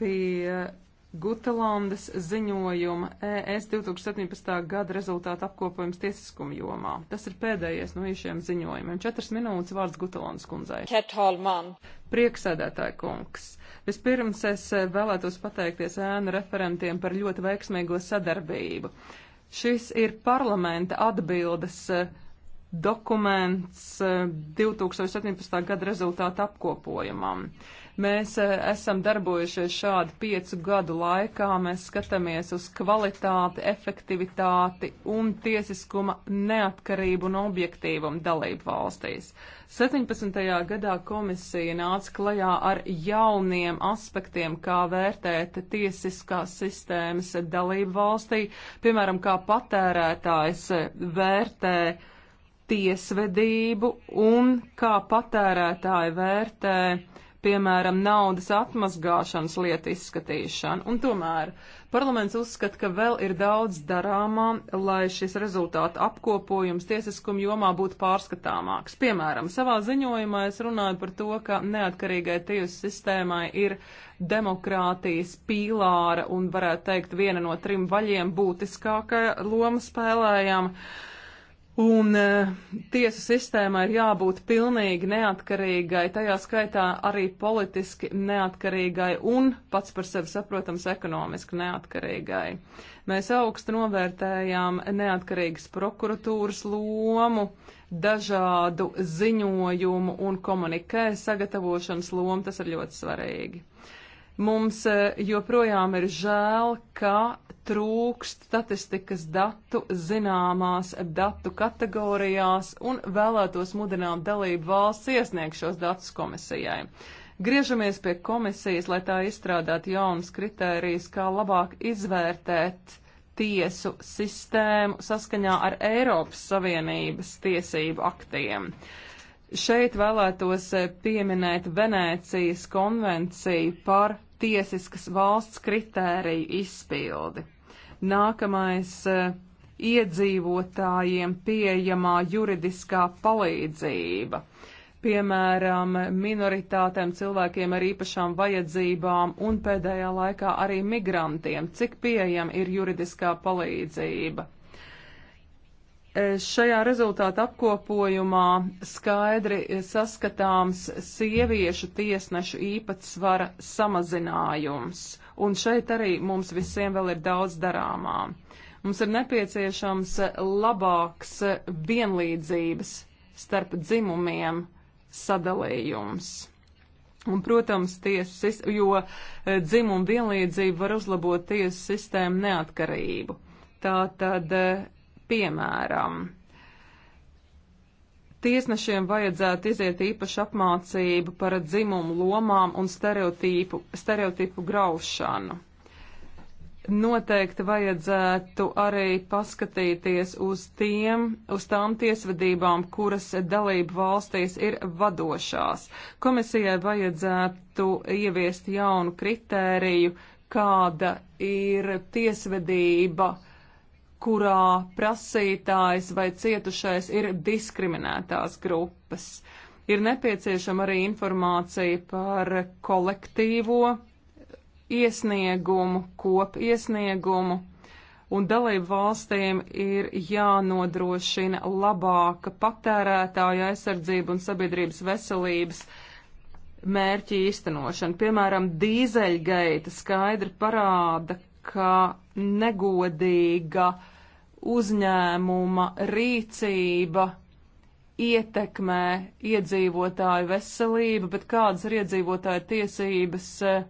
pie Gutelandes ziņojuma ES 2017. gada rezultātu apkopojums tiesiskuma jomā. Tas ir pēdējais no īšiem ziņojumiem. Četras minūtes vārds Gutelandes kundzei. Ketalman. Prieksēdētāji kungs. Vispirms es vēlētos pateikties ēnu referentiem par ļoti veiksmīgo sadarbību. Šis ir parlamenta atbildes uh, dokuments 2017. Eh, gada rezultātu apkopojumam. Mēs eh, esam darbojušies šādi piecu gadu laikā, mēs skatāmies uz kvalitāti, efektivitāti un tiesiskuma neatkarību un objektīvumu dalību valstīs. 17. gadā komisija nāca klajā ar jauniem aspektiem, kā vērtēt tiesiskās sistēmas dalību valstī, piemēram, kā patērētājs vērtē tiesvedību un kā patērētāji vērtē, piemēram, naudas atmazgāšanas lietu izskatīšanu. Un tomēr parlaments uzskata, ka vēl ir daudz darāmā, lai šis rezultātu apkopojums tiesiskuma jomā būtu pārskatāmāks. Piemēram, savā ziņojumā es runāju par to, ka neatkarīgai tiesu sistēmai ir demokrātijas pīlāra un varētu teikt viena no trim vaļiem būtiskākā loma spēlējama. Uh, Un eh, tiesu sistēmai ir jābūt pilnīgi neatkarīgai, tajā skaitā arī politiski neatkarīgai un pats par sevi saprotams ekonomiski neatkarīgai. Mēs augstu novērtējām neatkarīgas prokuratūras lomu, dažādu ziņojumu un komunikē sagatavošanas lomu, tas ir ļoti svarīgi. Mums e, joprojām ir žēl, ka trūkst statistikas datu zināmās datu kategorijās un vēlētos mudināt dalību valsts iesniegt šos datus komisijai. Griežamies pie komisijas, lai tā izstrādātu jaunas kritērijas, kā labāk izvērtēt tiesu sistēmu saskaņā ar Eiropas Savienības tiesību aktiem. Šeit vēlētos e, pieminēt Venēcijas konvenciju par tiesiskas valsts kritēriju izpildi. Nākamais eh, - iedzīvotājiem pieejamā juridiskā palīdzība. Piemēram, minoritātēm, cilvēkiem ar īpašām vajadzībām un pēdējā laikā arī migrantiem, cik pieejama ir juridiskā palīdzība. Šajā rezultātu apkopojumā skaidri saskatāms sieviešu tiesnešu īpatsvara samazinājums, un šeit arī mums visiem vēl ir daudz darāmā. Mums ir nepieciešams labāks vienlīdzības starp dzimumiem sadalījums. Un, protams, tiesas, jo eh, dzimuma vienlīdzība var uzlabot tiesu sistēmu neatkarību. Tā tad eh, Piemēram, tiesnešiem vajadzētu iziet īpašu apmācību par dzimumu lomām un stereotipu, stereotipu graušanu. Noteikti vajadzētu arī paskatīties uz, tiem, uz tām tiesvedībām, kuras dalību valstīs ir vadošās. Komisijai vajadzētu ieviest jaunu kritēriju, kāda ir tiesvedība uh, kurā prasītājs vai cietušais ir diskriminētās grupas. Ir nepieciešama arī informācija par kolektīvo iesniegumu, kopu iesniegumu, un dalību valstīm ir jānodrošina labāka patērētāja aizsardzība un sabiedrības veselības mērķi īstenošana. Piemēram, dīzeļgaita skaidri parāda, ka negodīga uh, uzņēmuma rīcība ietekmē iedzīvotāju veselību, bet kādas ir iedzīvotāju tiesības eh,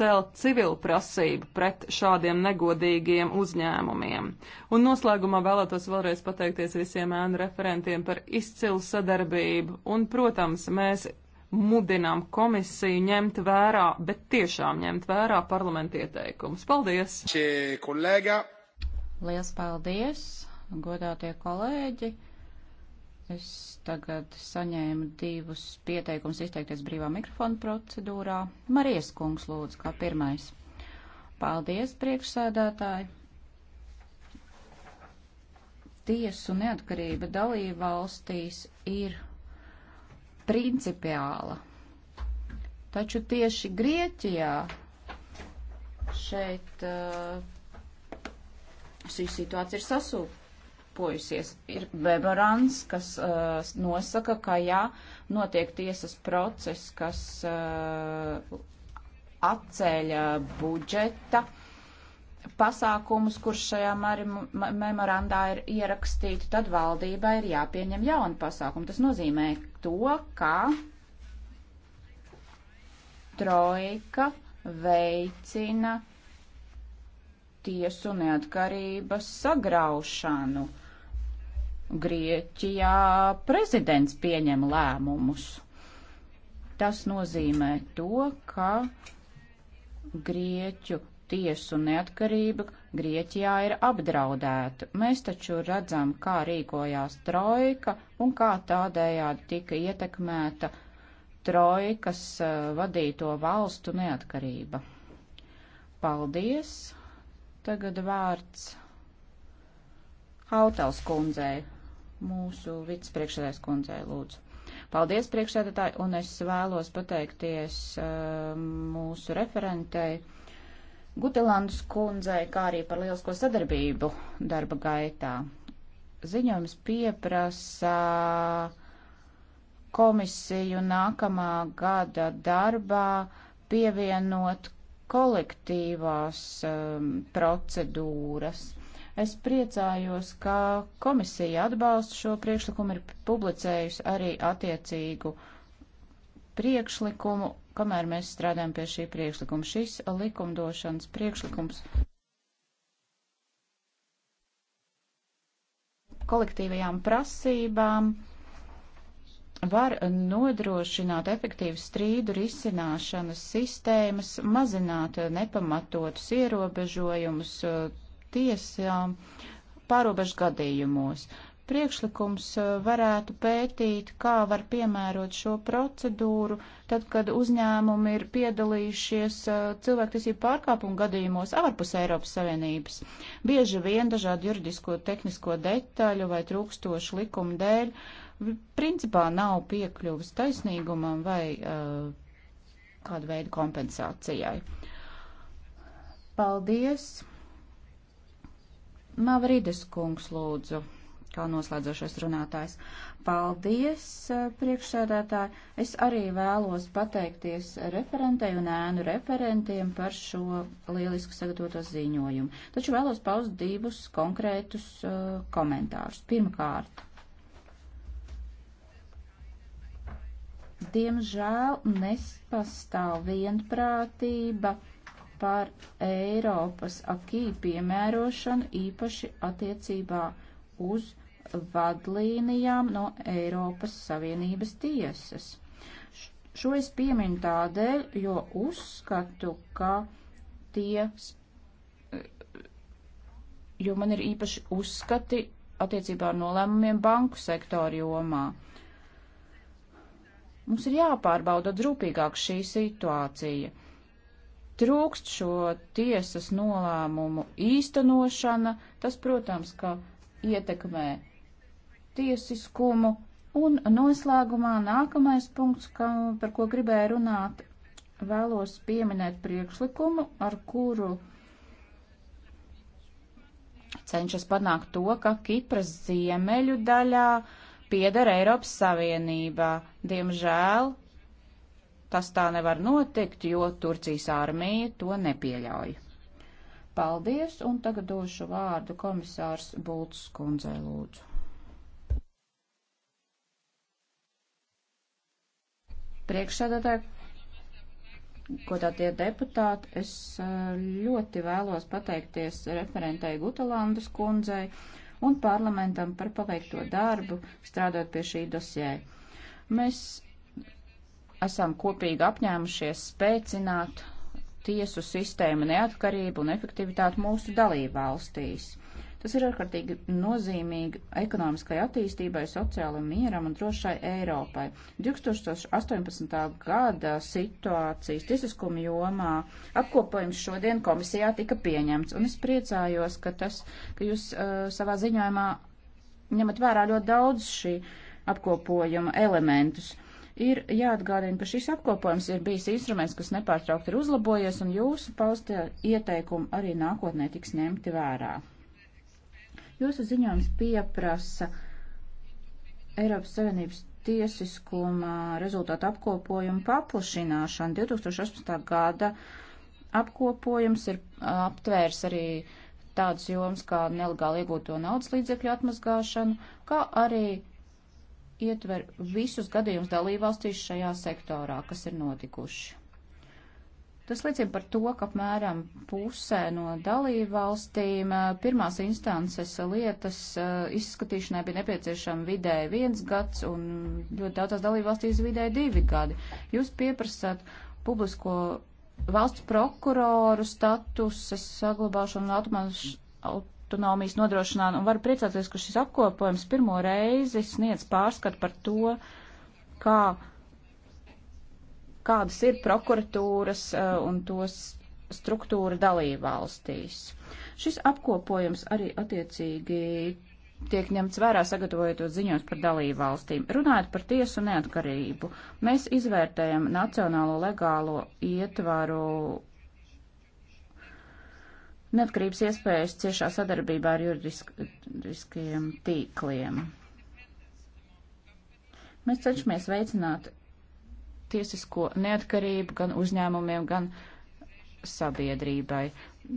celt civilu prasību pret šādiem negodīgiem uzņēmumiem. Un noslēgumā vēlētos vēlreiz pateikties visiem ēnu referentiem par izcilu sadarbību, un, protams, mēs mudinām komisiju ņemt vērā, bet tiešām ņemt vērā parlamentu ieteikumus. Paldies! Čie, kolēga. Liels paldies, godātie kolēģi! Es tagad saņēmu divus pieteikumus izteikties brīvā mikrofona procedūrā. Marijas kungs lūdzu kā pirmais. Paldies, priekšsēdētāji! Tiesu neatkarība dalība valstīs ir principiāla. Taču tieši Grieķijā šeit uh, šī situācija ir sasūpojusies. Ir memorands, kas uh, nosaka, ka jā, notiek tiesas process, kas uh, atceļa uh, budžeta pasākumus, kurš šajā memorandā ir ierakstīti, tad valdībai ir jāpieņem jauni pasākumi. Tas nozīmē to, ka trojka veicina tiesu neatkarības sagraušanu. Grieķijā prezidents pieņem lēmumus. Tas nozīmē to, ka Grieķu tiesu neatkarība Grieķijā ir apdraudēta. Mēs taču redzam, kā rīkojās trojka un kā tādējādi tika ietekmēta trojkas eh, vadīto valstu neatkarība. Paldies! Tagad vārds Hautals kundzei, mūsu vicepriekšsēdētājas kundzei, lūdzu. Paldies priekšsēdētāji, un es vēlos pateikties uh, mūsu referentei Gutelandas kundzei, kā arī par lielisko sadarbību darba gaitā. Ziņojums pieprasa komisiju nākamā gada darbā pievienot kolektīvās um, procedūras. Es priecājos, ka komisija atbalsta šo priekšlikumu, ir publicējusi arī attiecīgu priekšlikumu, kamēr mēs strādājam pie šī priekšlikuma. Šis likumdošanas priekšlikums kolektīvajām prasībām var nodrošināt efektīvu strīdu risināšanas sistēmas, mazināt nepamatotus ierobežojumus uh, tiesām pārobežu gadījumos. Priekšlikums uh, varētu pētīt, kā var piemērot šo procedūru, tad, kad uzņēmumi ir piedalījušies uh, cilvēktiesību pārkāpumu gadījumos ārpus Eiropas Savienības. Bieži vien dažādu juridisko, tehnisko detaļu vai trūkstošu likumu dēļ uh, principā nav piekļuvis taisnīgumam vai uh, kādu veidu kompensācijai. Paldies! Mavrides kungs lūdzu kā noslēdzošais runātājs. Paldies, uh, priekšsēdētāji! Es arī vēlos pateikties referentei un ēnu referentiem par šo lielisku sagatavoto ziņojumu. Taču vēlos paust divus konkrētus uh, komentārus. Pirmkārt, diemžēl nespastāv vienprātība par Eiropas akī piemērošanu īpaši attiecībā uz vadlīnijām no Eiropas Savienības tiesas. Šo es pieminu tādēļ, jo uzskatu, ka tie, jo man ir īpaši uzskati attiecībā ar nolēmumiem banku sektoru jomā. Mums ir jāpārbauda drūpīgāk šī situācija. Trūkst šo tiesas nolēmumu īstenošana, tas, protams, ka ietekmē tiesiskumu. Un noslēgumā nākamais punkts, ka, par ko gribēju runāt, vēlos pieminēt priekšlikumu, ar kuru cenšas panākt to, ka Kipras ziemeļu daļā uh, piedara Eiropas Savienībā. Diemžēl tas tā nevar notikt, jo Turcijas armija to nepieļauj. Paldies, un tagad došu vārdu komisārs Bultas kundzei lūdzu. Priekšsēdētāji, godātie deputāti, es eh, ļoti vēlos pateikties referentei Gutalandas kundzei un parlamentam par paveikto darbu, strādājot pie šī dosjē. Mēs esam kopīgi apņēmušies spēcināt tiesu sistēmu neatkarību un efektivitāti mūsu dalībvalstīs. Tas ir ārkārtīgi nozīmīgi ekonomiskai attīstībai, sociālajam mieram un drošai Eiropai. 2018. gada situācijas tiesiskuma jomā apkopojums šodien komisijā tika pieņemts, un es priecājos, ka, tas, ka jūs uh, savā ziņojumā ņemat vērā ļoti daudz šī apkopojuma elementus ir jāatgādina, ka šis apkopojums ir bijis instruments, kas nepārtraukti ir uzlabojies, un jūsu paustie ieteikumi arī nākotnē tiks ņemti vērā. Jūsu ziņojums pieprasa Eiropas Savienības tiesiskuma rezultātu apkopojumu paplašināšanu. 2018. gada apkopojums ir aptvērs arī tādas jomas kā nelegāli iegūto naudas līdzekļu atmazgāšanu, kā arī ietver visus gadījumus dalībvalstīs šajā sektorā, kas ir notikuši. Tas liecina par to, ka apmēram pusē no dalību valstīm eh, pirmās instances lietas eh, izskatīšanai bija nepieciešama vidēji viens gads un ļoti daudzās dalību valstīs vidēji divi gadi. Jūs pieprasat publisko valsts prokuroru statusa saglabāšanu un automašanu autonomijas nodrošināšanu un var priecāties, ka šis apkopojums pirmo reizi sniedz pārskatu par to, kā kādas ir prokuratūras eh, un tos struktūra dalībvalstīs. Šis apkopojums arī attiecīgi tiek ņemts vērā sagatavojotos ziņos par dalībvalstīm. Runājot par tiesu neatkarību, mēs izvērtējam nacionālo legālo ietvaru neatkarības iespējas ciešā sadarbībā ar juridiskiem tīkliem. Mēs cenšamies veicināt tiesisko neatkarību gan uzņēmumiem, gan sabiedrībai.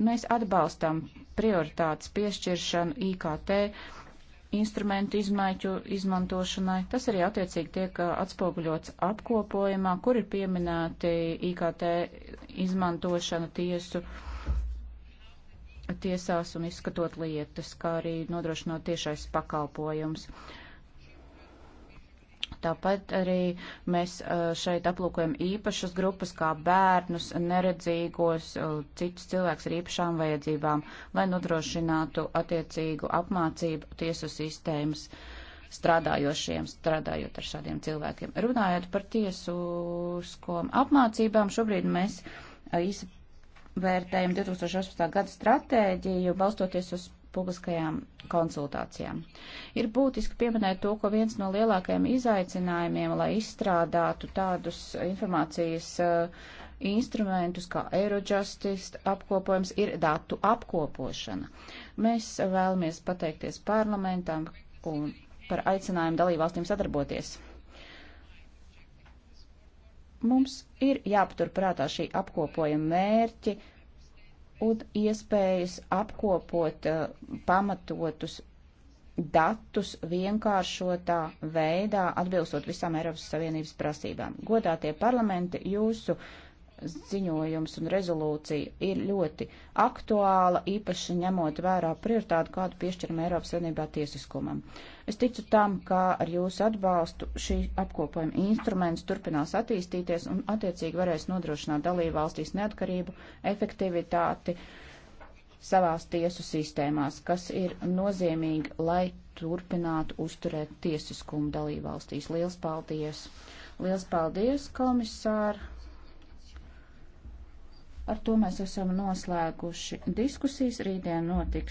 Mēs atbalstam prioritātes piešķiršanu IKT instrumentu izmaiņu izmantošanai. Tas arī attiecīgi tiek atspoguļots apkopojumā, kur ir pieminēti IKT izmantošana tiesu tiesās un izskatot lietas, kā arī nodrošinot tiešais pakalpojums. Uh, Tāpat arī mēs uh, šeit aplūkojam īpašas grupas, kā bērnus, neredzīgos, uh, citus cilvēkus ar īpašām vajadzībām, lai nodrošinātu attiecīgu apmācību tiesu sistēmas strādājošiem, strādājot ar šādiem cilvēkiem. Runājot par tiesiskām apmācībām, šobrīd mēs īsi uh, vērtējam 2018. gada stratēģiju, balstoties uz publiskajām konsultācijām. Ir būtiski pieminēt to, ka viens no lielākajiem izaicinājumiem, lai izstrādātu tādus informācijas uh, instrumentus kā Eurojustist apkopojums, ir datu apkopošana. Mēs vēlamies pateikties parlamentam un par aicinājumu dalībvalstīm sadarboties. Mums ir jāpaturprātā šī apkopojuma mērķi, un iespējas apkopot uh, pamatotus datus vienkāršotā veidā, atbilstot visām Eiropas Savienības prasībām. Godātie parlamenti, jūsu ziņojums un rezolūcija ir ļoti aktuāla, īpaši ņemot vērā prioritāti, kādu piešķiram Eiropas Savienībā tiesiskumam. Es ticu tam, ka ar jūsu atbalstu šī apkopojuma instruments turpinās attīstīties un attiecīgi varēs nodrošināt dalību valstīs neatkarību, efektivitāti savās tiesu sistēmās, kas ir nozīmīgi, lai turpinātu uzturēt tiesiskumu dalību valstīs. Liels paldies! Liels paldies, komisāri! Ar to mēs esam noslēguši diskusijas. Rītdien notiks.